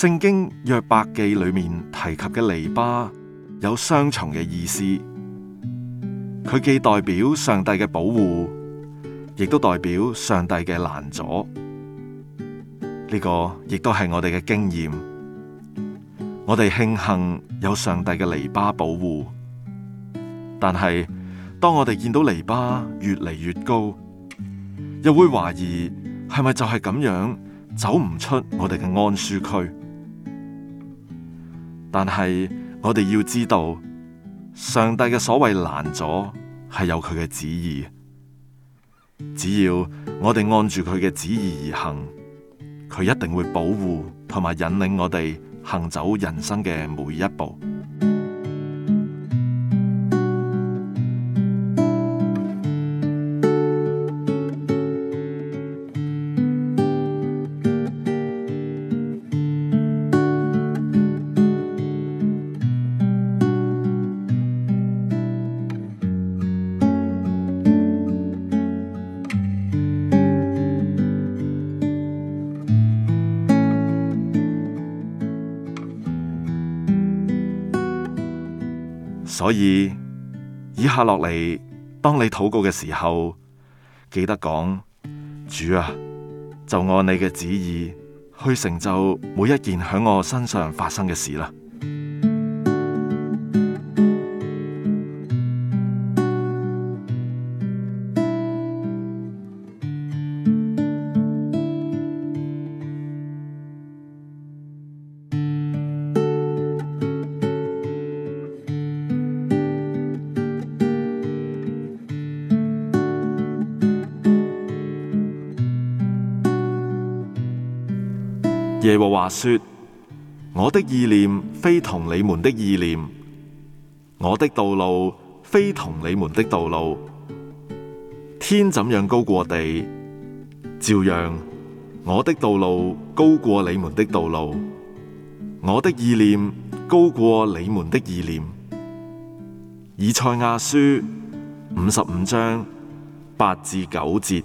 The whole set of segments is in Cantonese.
聖經約伯記裏面提及嘅籬笆有雙重嘅意思，佢既代表上帝嘅保護，亦都代表上帝嘅攔阻。呢、這個亦都係我哋嘅經驗，我哋慶幸有上帝嘅籬笆保護，但係當我哋見到籬笆越嚟越高，又會懷疑係咪就係咁樣走唔出我哋嘅安舒區。但係我哋要知道，上帝嘅所謂攔阻係有佢嘅旨意，只要我哋按住佢嘅旨意而行，佢一定會保護同埋引領我哋行走人生嘅每一步。所以，以下落嚟，當你禱告嘅時候，記得講：主啊，就按你嘅旨意去成就每一件響我身上發生嘅事啦。耶和華說：我的意念非同你們的意念，我的道路非同你們的道路。天怎樣高過地，照樣我的道路高過你們的道路，我的意念高過你們的意念。以賽亞書五十五章八至九節。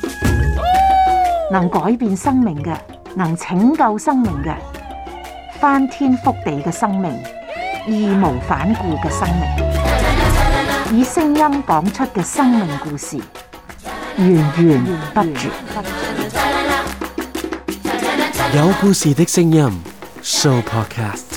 能改變生命嘅，能拯救生命嘅，翻天覆地嘅生命，義無反顧嘅生命，以聲音講出嘅生命故事，源源不絕。有故事的聲音，Show Podcast。